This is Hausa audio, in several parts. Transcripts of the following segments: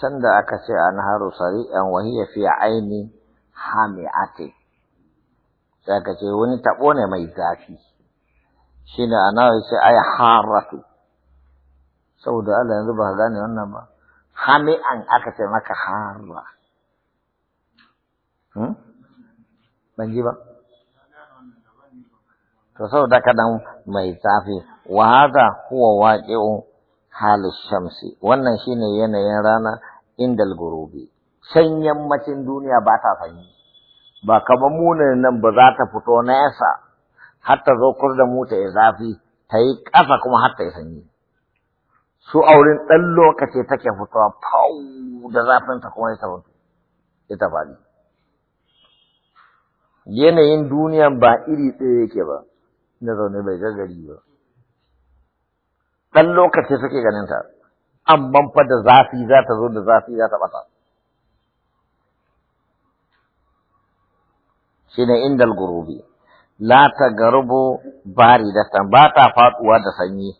can da aka ce an haru wani ya fi aini hami hami'ati sai aka ce wani tabo ne mai zafi ne ana ce ai harafi saboda Allah yanzu ba gane wannan ba Hami an aka ce maka harra hmm? ban ji ba to saboda kadan mai zafi wa hada huwa waqi'u halis shamsi wannan shine yanayin rana indal gurubi shan yammacin duniya ba ta sanyi ba kamar munin nan ba za ta fito nesa har ta zo kur da mu ta yi zafi ta yi ƙasa kuma har ta yi sanyi su auren ɗan lokaci take fitowa fau da zafin ta kuma ita mutu ita faɗi yanayin duniyan ba iri ɗaya yake ba na zaune bai gaggari ba ɗan lokaci suke ganin ta amman fa da zafi za ta zo da zafi za ta ɓata. Shi ne indal gurubi, la ta garubo bari da san ba ta faɗuwa da sanyi,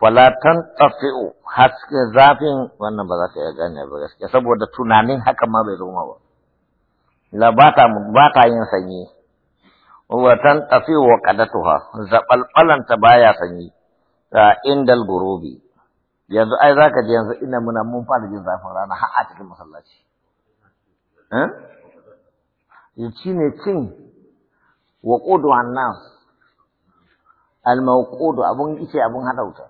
falatan tafi'u haske zafin wannan ba za ta iya gane ba gaske, saboda tunanin haka ma bai zoma ba. La ba ta yin sanyi, tan tafi'u wa kadatuha, zaɓalɓalanta baya sanyi, ta indal gurubi. yanzu ai za ka ji yanzu ina muna mun fara jin zafin rana har a cikin masallaci eh? ci ne cin wa ƙudu annas al-mawqudu abun ice abun hada wuta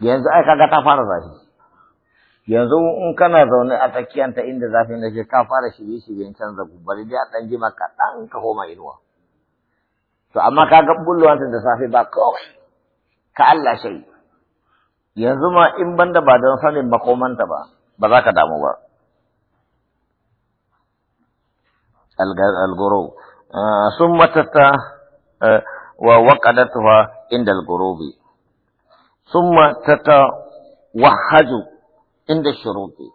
yanzu ai kaga ta fara zafi yanzu in kana zaune a ta inda zafin na ke ka fara shirye shiryen canza bari dai a ɗan jima dan ka koma inuwa to amma kaga ga da safe ba kawai ka Allah shai yanzu ma in banda ba don sanin makomanta ba ba za ka damu ba algoro ah, eh, sun matata wa waƙadatuwa inda algorobi sun matata wahaju inda shuruɗi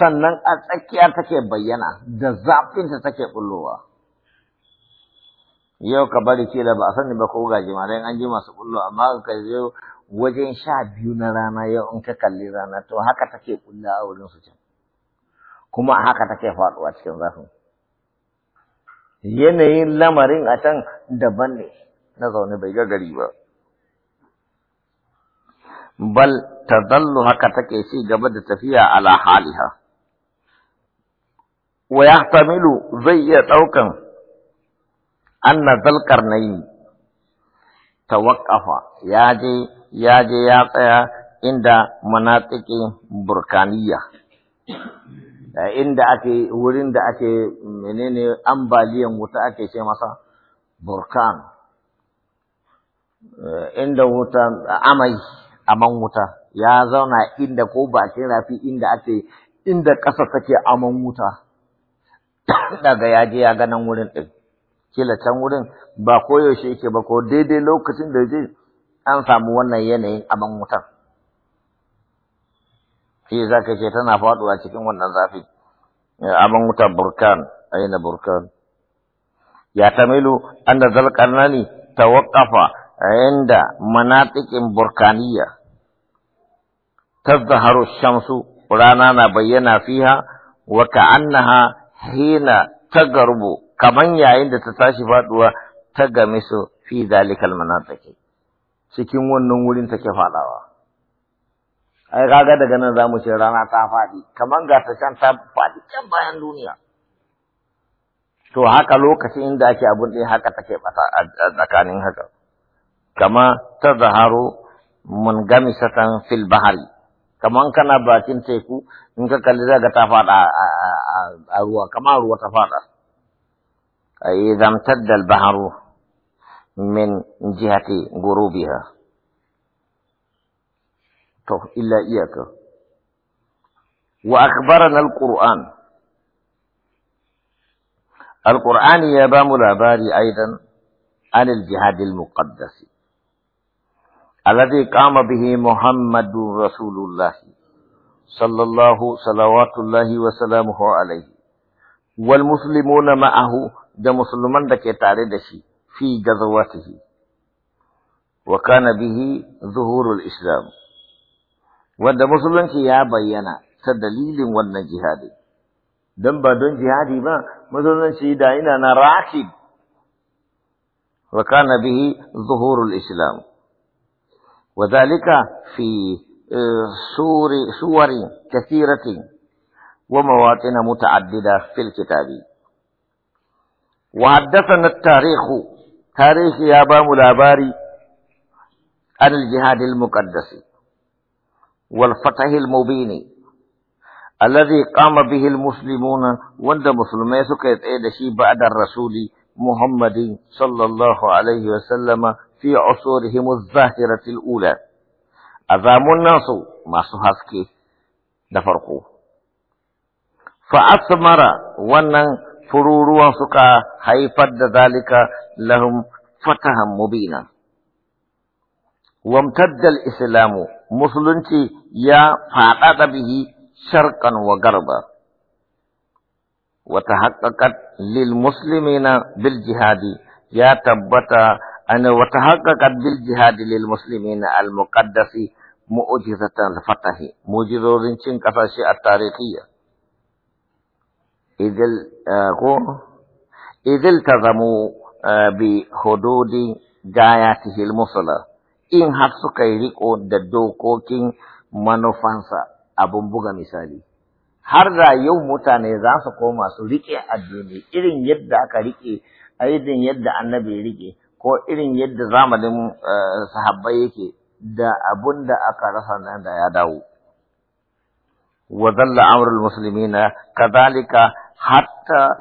sannan a tsakiya take bayyana da zafinta take bullowa yau ka bari da ba a sani ba ko dai an ji masu bullo amma ka zo wajen sha biyu na rana yau in ka kalli rana to haka take kulla a wurin su can kuma haka take faɗuwa cikin zafin yanayin lamarin a can daban ne na zaune bai ga gari ba bal tadallu haka take ci gaba da tafiya ala haliha wa yahtamilu zai iya ɗaukan na yi tawaqqafa ya je ya je ya tsaya inda manatikin burkaniya inda ake wurin da ake menene ambaliyan wuta ake ce masa burkan eh, inda wuta amai aman wuta ya zauna inda ko bakin rafi inda ake inda ƙasa take aman wuta daga ya je ya ga nan wurin ɗin kila can wurin ba koyaushe yake ba ko daidai lokacin da je an samu wannan yanayin aman wutar. Shi za ka ce tana faɗuwa cikin wannan zafi, aman wutar burkan, aina burkan. Ya tamilu an da zalƙarnani ta waƙafa inda manatikin burkaniya, ta zaharu shamsu rana na bayyana fiha wa ka'annaha hina ta garbo, kamar yayin da ta tashi faɗuwa ta game fi zalikal manatiki. cikin wannan wurin take faɗawa. Ai, kaga daga nan zamu mu ce rana ta faɗi, kamar ga ta can ta faɗi can bayan duniya. To haka lokaci inda ake abun ɗaya haka take bata a tsakanin haka. Kama ta zaharo mun gami satan fil bahari, kamar kana bakin teku in ka kalli zaga ta faɗa a ruwa, kamar ruwa ta faɗa. Ai, zamtadda al baharu من جهة غروبها إلا إياك وأخبرنا القرآن القرآن يبام الأباري أيضا عن الجهاد المقدس الذي قام به محمد رسول الله صلى الله صلوات الله وسلامه عليه والمسلمون معه ده مسلمان ده كتاري ده شيء في جذواته وكان به ظهور الإسلام وأن مسلم كي يبين تدليل وأن جهاد دم بدون جهاد ما مسلم كي دائنا نراكب وكان به ظهور الإسلام وذلك في آه، سور سور كثيرة ومواطن متعددة في الكتاب وحدثنا التاريخ تاريخ يا بام الاباري عن الجهاد المقدس والفتح المبين الذي قام به المسلمون وند مسلمي سكيت ايدشي بعد الرسول محمد صلى الله عليه وسلم في عصورهم الظاهرة الأولى أذام الناس ما سهسكي دفرقوه فأثمر ونن فروروا سكا حيفد ذلك لهم فتحا مبينا وامتد الاسلام مسلنتي يا فاقد به شرقا وغربا وتحققت للمسلمين بالجهاد يا تبتا أن وتحققت بالجهاد للمسلمين المقدس مؤجزة الفتح مؤجزة التاريخيه idil ko idil tazamu bi hududi gayatihil musula in har suka yi riko da dokokin manufansa abun buga misali har da yau mutane za su koma su riƙe addini irin yadda aka riƙe irin yadda annabi ya riƙe ko irin yadda zamanin sahabbai yake da abun da aka rasa nan da ya dawo wa zalla amrul muslimina kadhalika hatta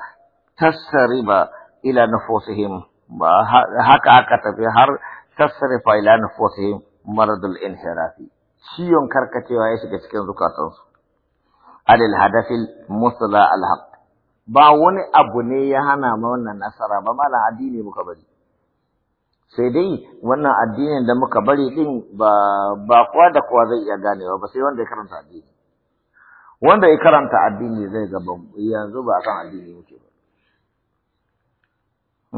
tasriba ila nufusihim haka aka tafi har tasrifa ila nufusihim maradul inhirafi ciwon karkacewa ya shiga cikin zukatansu adil hadafil musla alhaq ba wani abu ne ya hana ma wannan nasara ba mala addini muka bari sai dai wannan addinin da muka bari din ba ba kwa da kwa zai iya ganewa ba sai wanda ya karanta addini wanda ya karanta addini zai ga yanzu ba kan addini yake ba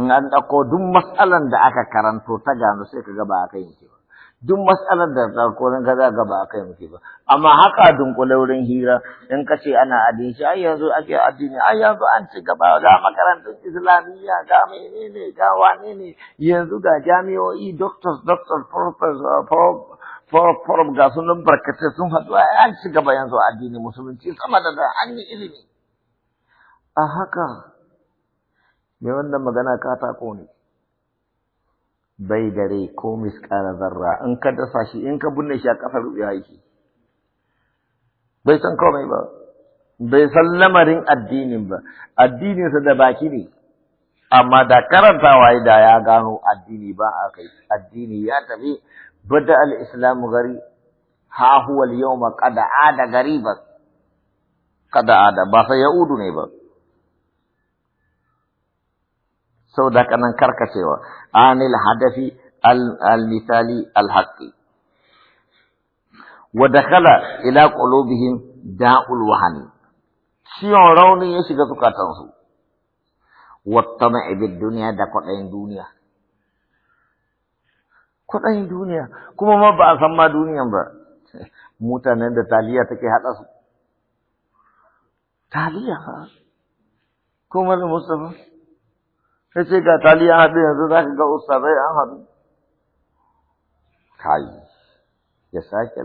in an ɗauko duk matsalan da aka karanto ta gano sai ka ga ba a kai ba duk matsalar da ta koran ka za gaba kai muke ba amma haka dunkule wurin hira in ka ce ana adin shi ai yanzu ake addini ai yanzu an ci gaba ga makarantun islamiyya ga menene ga wane ne yanzu ga jami'o'i doctors doctors professor uh, for ga sunan barkatai sun haɗu an ci gaba yanzu addini musulunci sama da an yi ilimi a haka mai wannan magana katako ne bai da rai ko miskana zarra in ka dasa shi in ka binne shi a ƙasar ruɓewa shi bai san komai ba bai san lamarin addinin ba sa da baki ne amma da karantawa da ya gano addini ba a kai addini ya tafi bada al-islamu gari ha huwa al-yawma qad da gariban qad da ba sai yaudu ne ba سو دا كان انكر كسيوا عن الحدث المثالي الحقي ودخل الى قلوبهم داء الوهن شيون روني يشي غتو كاتانسو والطمع بالدنيا دا كوتين دنيا كوتين دنيا كما ما با سما دنيا با موتا نند تاليا تكي حدث تاليا كما المصطفى sai ce ga taliya haɗu yanzu za ka ga ustazai an haɗu kai ya sake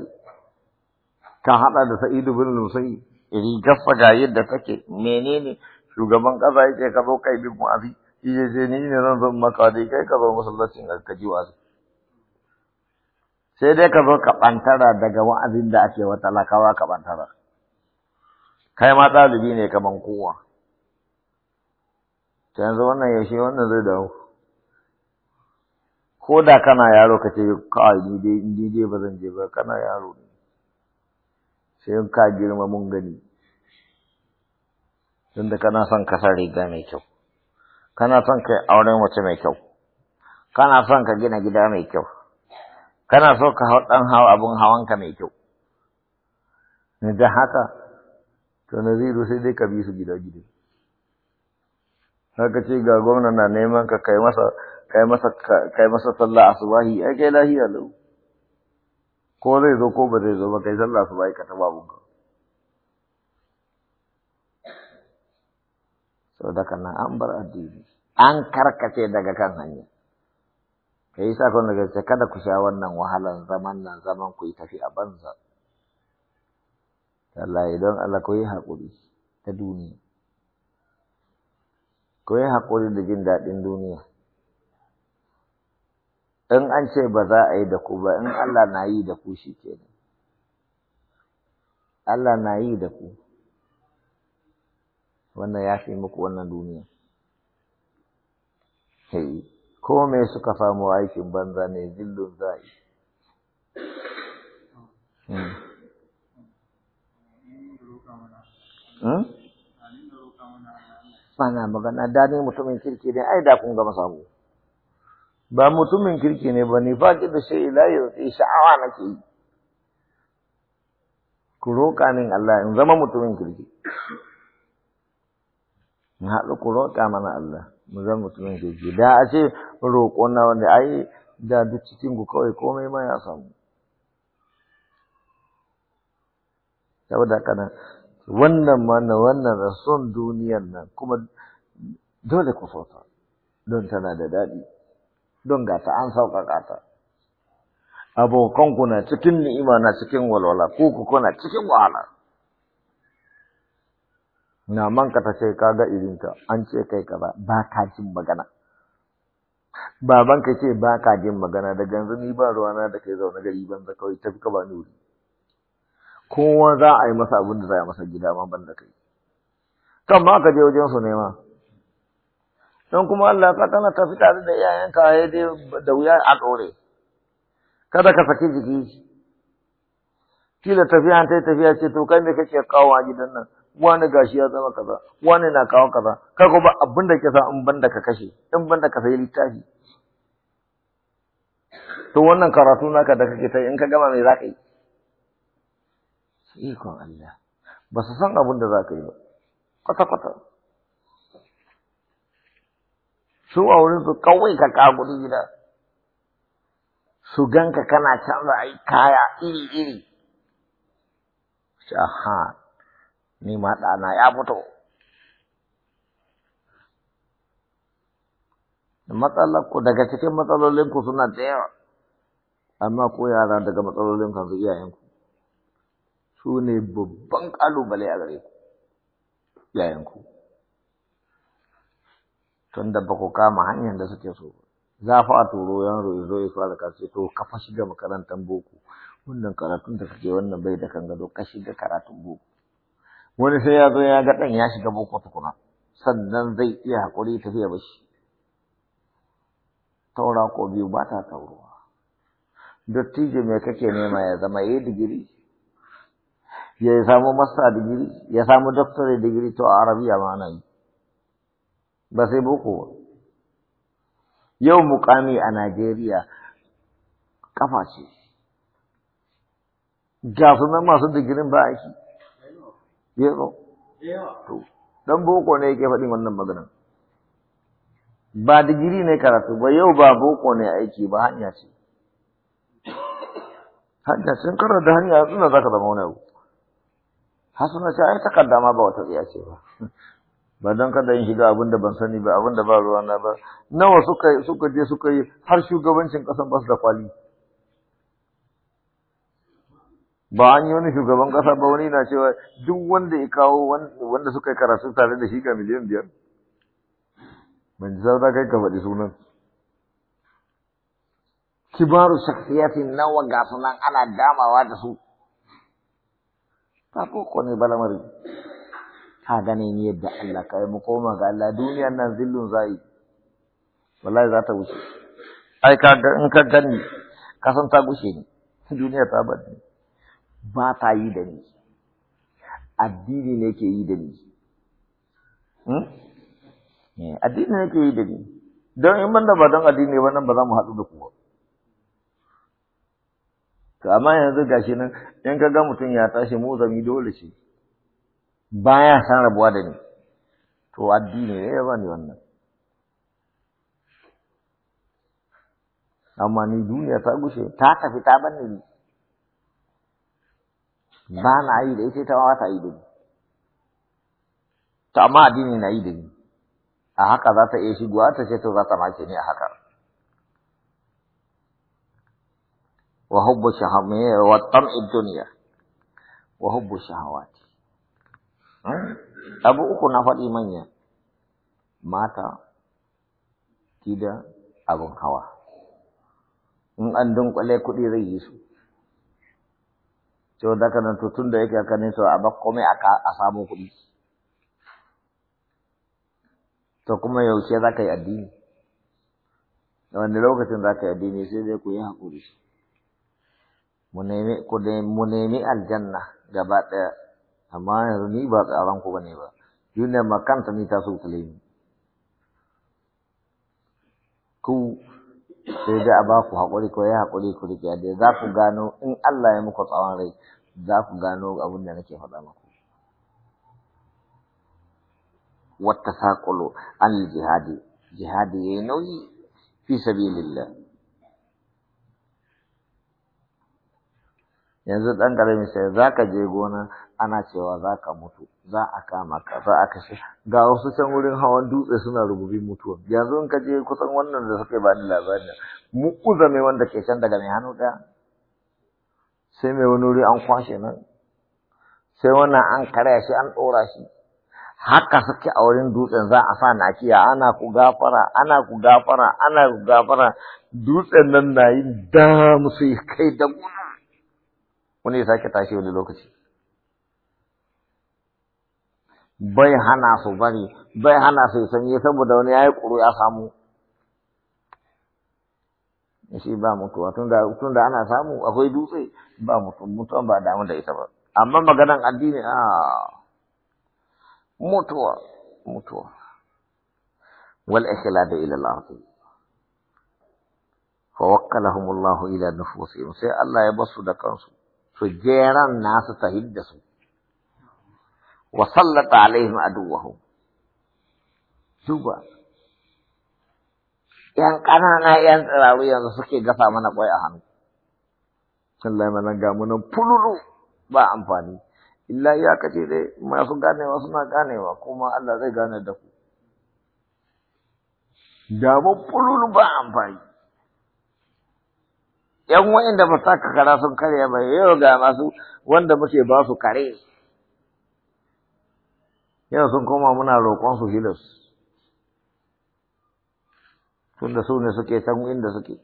kan haɗa da sa'idu bin nusai rigarsa ga yadda take menene shugaban ƙasa yake ka zo kai bin mu'azi yaje ce ni ne zan zan maka dai kai ka zo masallacin ka ji wa'azi sai dai ka zo ka ɓantara daga wa'azin da ake wa talakawa ka ɓantara kai ma ɗalibi ne kaman kowa ta yanzu wannan yaushe wannan zai dawo ko da kana yaro ka ce kawai ni dai ni dai ba zan je ba kana yaro ne sai in ka girma mun gani tunda kana son ka san riga mai kyau kana son ka auren mace mai kyau kana son ka gina gida mai kyau kana so ka hau dan hawa abin hawanka mai kyau da haka to naziru sai dai ka bi su gida gida haka ce ga gwamna na neman ka kai masa kai masa kai masa sallah asubahi ai kai lahiya lau ko zai zo ko ba zai zo ba kai sallah asubahi ka taba So da kana an bar addini an karkace daga kan hanya ka yi sakon daga ce kada ku sha wannan wahalan zaman nan zaman ku tafi a banza Allah don Allah ku yi haƙuri ta duniya ku yi haƙuri da jin daɗin duniya in an ce ba za a yi da ku ba in Allah na yi da ku shi ke Allah na yi da ku wannan ya fi muku wannan duniya hey ko me suka famu aikin banza ne zillun za'i hmm. hmm? Mana magana da ne mutumin kirki ne ai da kun gama samu. Ba mutumin kirki ne ba ni faƙi da shi ila yanzu sha'awa nake yi. Ku roƙa min Allah in zama mutumin kirki. In haɗu ku roƙa mana Allah mu zama mutumin kirki. Da a ce roƙo na wanda ai da duk cikin ku kawai komai ma ya samu. Saboda kana wannan ma na wannan da son duniyan nan kuma dole ku so don tana da daɗi don ga ta an sauƙaƙa ta abokanku na cikin ni'ima na cikin walwala ko ku kuna cikin wahala na manka ta ce ka ga irinka an ce kai kaza ba ka jin magana babanka ce ba ka jin magana daga yanzu ni ba ruwana da kai zaune gari banza kawai tafi ka ba ni wuri kowa za a yi masa abin da za a yi masa gida ma ban da kai kan ma ka je wajen su nema don kuma Allah ka tana tafi tare da iyayenka ya dai da wuya a ɗore kada ka saki jiki kila tafiya ta tafiya ce to kai me kake kawo a gidan nan wani gashi ya zama kaza wani na kawo kaza kai ko ba abin da ke sa in banda ka kashe in banda ka sayi littafi to wannan karatu naka da kake ta in ka gama me za ka yi ikon Allah ba su san abin da za ka yi ba kwata-kwata su a wurin su kawai ka kaguri gida su ganka kana canza yi kaya iri-iri aha ni ma ɗana ya fito matsalarku daga cikin matsalolinku suna da yawa amma ko yara daga matsalolin kansu iyayenku su ne babban ƙalubale a gare ku yayanku tun da ba ku kama hanyar da suke so za fa a turo yan zo ya fara kasu to ka shiga makarantar boko wannan karatun da kake wannan bai da kan gado ka shiga karatun boko wani sai ya zo ya ga ɗan ya shiga boko tukuna sannan zai iya haƙuri tafiya ba shi taura ko biyu ba ta tauruwa dottijo me kake nema ya zama ya digiri ya samu masta digiri ya samu doctorate digiri to a arabiya ma ana yi ba sai boko ba yau mukami a najeriya kafa ce ga sunan masu digirin ba aiki yero to dan boko ne yake faɗin wannan maganar. ba digiri ne karatu ba yau ba boko ne aiki ba hanya ce hanya sun karar da hanya suna zaka zama wani abu hasuna ce ai takaddama ba wata tsiya ce ba ba don kada in shiga abin da ban sani ba abin da ba ruwa na ba nawa suka suka je suka yi har shugabancin kasan ba su da kwali ba an yi wani shugaban kasa ba wani na cewa duk wanda ya kawo wanda suka yi karatu tare da shi ga miliyan biyar ban ji sauta kai ka faɗi sunan kibaru shakhsiyatin nawa ga sunan ana damawa da su Haƙoƙo ne balamari. Ka gane ni yadda Allah ka yi mu koma ga Allah duniyar nan zillun zai. Wallahi za ta wuce. Ai ka in ka gani ka san ta gushe ni. Duniya ta bar ni. Ba ta yi da ni. Addini ne ke yi da ni. Hmm? Eh, addini ne ke yi da ni. Don in ban da ba don addini ba nan ba za mu haɗu da kuwa. amma yanzu gashi nan in ka ga mutum ya tashi mu zami dole ce baya san rabuwa da ni to addini ne ya bani wannan amma ni duniya ta gushe ta tafi ta banne ni ba na yi da ita ta ma ta yi da ni to amma addini na yi da ni a haka za ta iya shigowa ta ce to za ta mace ni a haka وحب الشهوات والطمع Wahubu وحب الشهوات abu uku na faɗi manya mata gida abin hawa in an kwale kuɗi zai yi su to da kanan tutun da yake aka nisa a bakkomai a samu kuɗi to kuma yaushe za ka yi addini da lokacin za ka yi addini sai dai ku yi haƙuri mu nemi aljanna gaba ɗaya amma yanzu ni ba tsaron ku bane ba duniya ma kanta ni ta so ku ni ku sai da a ba ku haƙuri ko ya haƙuri ku rike da za ku gano in Allah ya muku tsawon rai za ku gano abin da nake faɗa maku. wata saƙulo an jihadi jihadi ya yi nauyi fi sabilillah yanzu ɗan ƙarami sai za ka je gona ana cewa za ka mutu za a kama ka za a kashe ga wasu can wurin hawan dutse suna rububi mutuwa yanzu in ka je kusan wannan da suke ba ni labarin mu uzame wanda ke can daga mai hannu ɗaya sai mai wani wuri an kwashe nan sai wannan an karya shi an ɗora shi haka suke a wurin dutsen za a sa nakiya ana ku gafara ana ku gafara ana ku gafara dutsen nan na yi damu su kai da gudu wani ya sake tashi wani lokaci bai hana su bari bai hana su sanye saboda wani ya yi ƙuru ya samu shi ba mutuwa tun da ana samu akwai dutse ba mutuwa ba damu da ita ba amma maganan addini a mutuwa mutuwa wal da ila al-ardh fa wakkalahum Allah ila nufusihim sai Allah ya basu da kansu To jeran nasu ta hidda su wa sallata alaihim aduwahu duba yan ƙanana yan tsirawu yanzu suke gasa mana kwai a hannu Allah ya mana gamu nan fululu ba amfani illa ya kace dai masu ganewa suna ganewa kuma Allah zai gane da ku Da damu fululu ba amfani ‘yan da ba sa kara sun karya ba yau ga masu wanda muke ba su kare yau sun koma muna roƙon su hilas tunda su ne suke can inda suke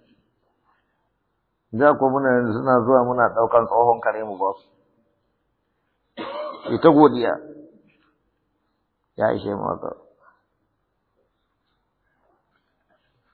za ku muna suna zuwa muna ɗaukan tsohon kare mu ba su ita godiya ya ishe mu